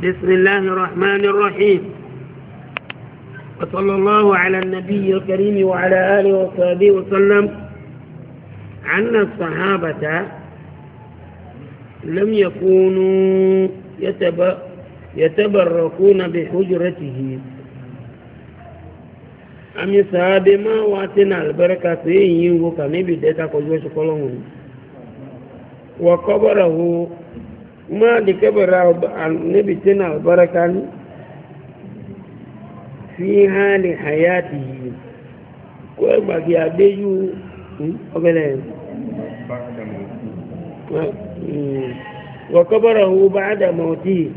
بسم الله الرحمن الرحيم وصلى الله على النبي الكريم وعلى آله وصحبه وسلم أن الصحابة لم يكونوا يتب... يتبركون بحجرته أمي صحاب ما واتنا البركة فيه وكان بدأت قجوش قلهم وقبره ma di kabara annabi tana albarakan fi hali hayati ko gba ki adeju obele wa kabarahu ba'da mawti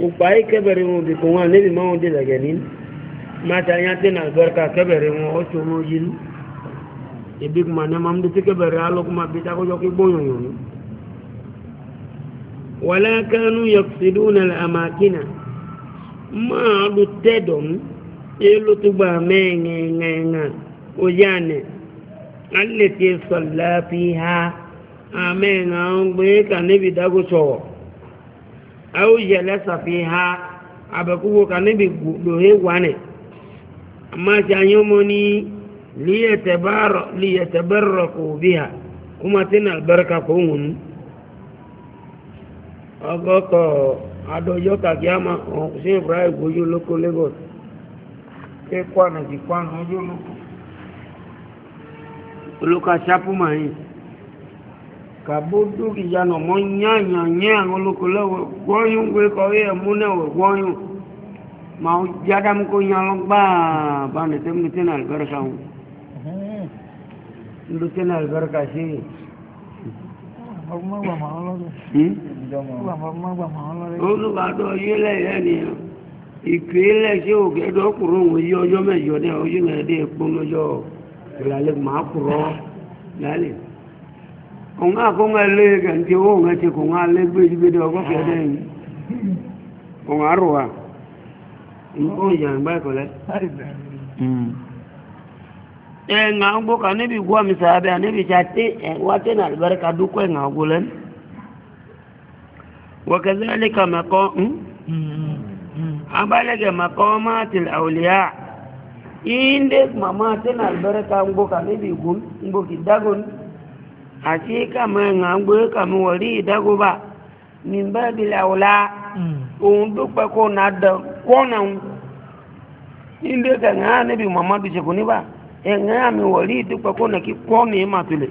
upai kabari mu bi kuma nabi mawo de daga nin ya tana albarka kabari mu o to mo yin ibik ma na mamdu kabari alok ma bi ta ko wala kanu yaqsiduna al-amakina ma lu tedom elu tuba menge ngenga ujane allati salla fiha amen ngbe kanibi dago so au jalasa fiha abakugo kanibi do he wane amma janyomoni liyatabar liyatabaraku biha kuma tana albarka ko ngunu ọgọ́kọ̀ adọ́jọ́ kàkíyàmá ọ̀hún sí ibrahim ojú lóko lagos ṣé kwanu ti kwanu ojú lóko olóka sápúmà yìí kàbódú ìyànà mọ́ yáàyàn yáàyàn olóko lọ́wọ́ gbọ́yún gbé kọ́rí ẹ̀ múnẹ̀ wọ̀ gbọ́yún ma ó jádám kó yan lọ gbáà bá nìtẹ́mùtẹ́ náà àlùbáríkà wọn nìtẹ́mùtẹ́ náà àlùbáríkà ṣe yìí. Hmm? olùbàdàn yílẹ̀ yẹn ni ìpínlẹ̀ ṣé ògẹ́dọ̀ kúrò òun yí ọjọ́ mẹ́jọ ní ọjọ́ mẹ́jọ epo lọ́jọ́ ìrọ̀lẹ́ màá kúrò lálẹ́ òun àkóńgá lé kẹ̀ǹtì owó òun ti kò ń alẹ́ gbèdégbèdé ọgọ́ kẹ́ẹ́dẹ́ yìí òun àrùwà òun yàn báyìí kọ́lẹ́. Eh, nga ngbo ka ne bi gwa mi sahabe ah, ne bi chate eh, wate na albaraka du ko eh, nga gulen wa kadhalika maqam hmm? mm-hmm. abalaga maqamatil awliya inde mama tena albaraka ngbo ka ne bi gum ngbo ki dagon ashi kama nga ngbo ka mu wali dago ba min babil awla mm. un du pa ko na da ko inde ka nga ne mama du che ba ẹ̀ngẹ́ àmì wọ̀lí ìdúpẹ́ kó nàkí kọ́ mi mà tulẹ̀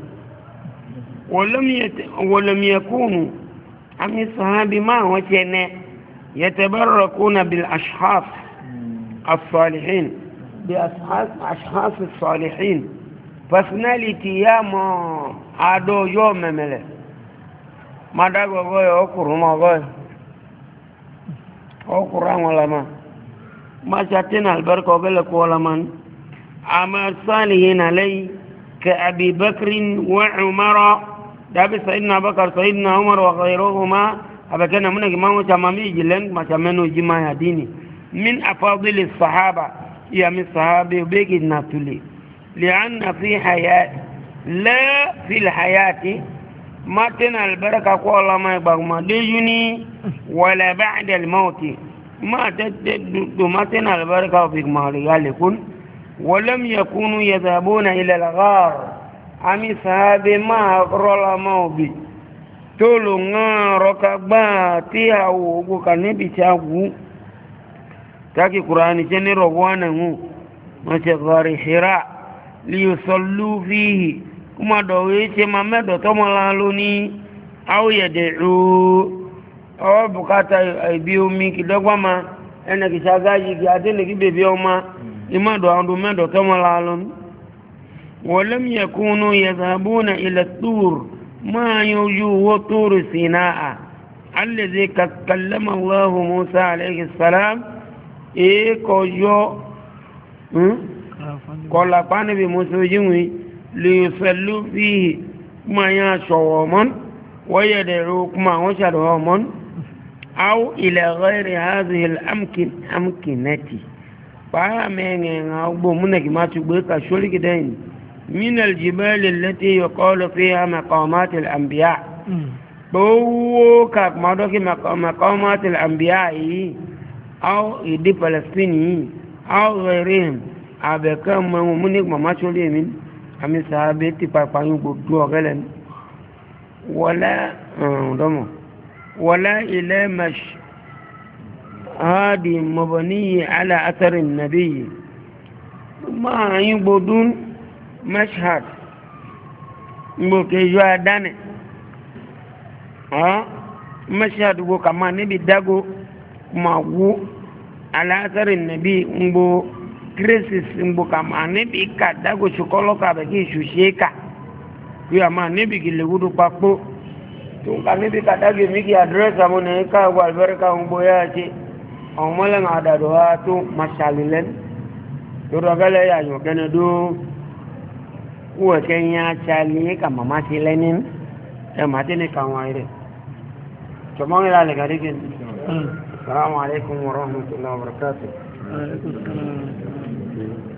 wọ̀lọ́mìẹ̀kùnù àmì sàábì máa wọ́n ti ẹ̀nẹ́ yẹtẹ̀bẹ̀rọ̀ kó nà bí ashaf asọ́lìhìn bí ashaf asọ́lìhìn personality yá mọ́ àdó yóò mẹ́mẹ́lẹ̀ madagogo yẹ ọkùnrin mọ́gọ́ yẹ ọkùnrin àwọn ọlọ́mọ máa ṣe àtẹ́nà àlùbáríkà عمل صالح علي كأبي بكر وعمر دابي سيدنا بكر سيدنا عمر وغيرهما أبا كان منك ما مشامامي جلن ما شامنو جماع ديني من أفضل الصحابة يا من الصحابة بيجي الناتولي لأن في حياة لا في الحياة ما تنا البركة قول ما يبغى ديجني ولا بعد الموت ما تدد ما تنا البركة في مالي يكون ولم يكونوا يذهبون إلى الغار أمي صحابي ما رلا موبي تولو نارك باتي أو كنبي تاغو تاكي قرآن جني روانا مجي غار حراء ليصلوا فيه كما دويت ما مدو تملالوني أو يدعو أو بكاتا أبيومي كدوغما أنا كشاغاجي كي أتني كي بيبيوما إما دعوا ما دعوا العالم ولم يكونوا يذهبون إلى الطور ما يوجوه طور سيناء الذي كلم الله موسى عليه السلام إيه كوجو قال قال بموسى جمي ليصلوا فيه ما يشوامن ويدعوك ما وشرهمن أو إلى غير هذه الأمكنة baya mengenga ugbo muna kimatu gweka shuri kidaini min aljibali allati yuqalu fiha maqamat al-anbiya hmm. bawo ka madoki maqamat al-anbiya au idi palestini au ghairihim abeka muni mama shuri min ami sahabe ti papanyu gbogbo ogelen wala uh, domo wala ila mash هادي مبني على أثر النبي ما يبدون مشهد بوكي جوادان ها مشهد بو كما نبي داغو ما وو على أثر النبي مبو krisis mbo kama nebi ka dago shukolo ka be ki shusheka yo ama nebi ki legudu papo tunga nebi ka dagi miki address amone ka wa alberka mbo yache ọ̀n mọ́lẹ̀ máa dàdọ̀ wá tó maṣàlì lẹ́nu lórí ọgẹ́lẹ́ yàyàn kẹ́ni dó wúwẹ̀ kẹ́yìn aṣàlì kà màmá ti lẹ́ni ẹ̀ máa tẹ́lẹ̀ kà wọ́n rẹ̀ tọ́mọ́ ń ra lẹ́gàdé kí ni. salamu alaykum wa rahmatulah wa barakatuh.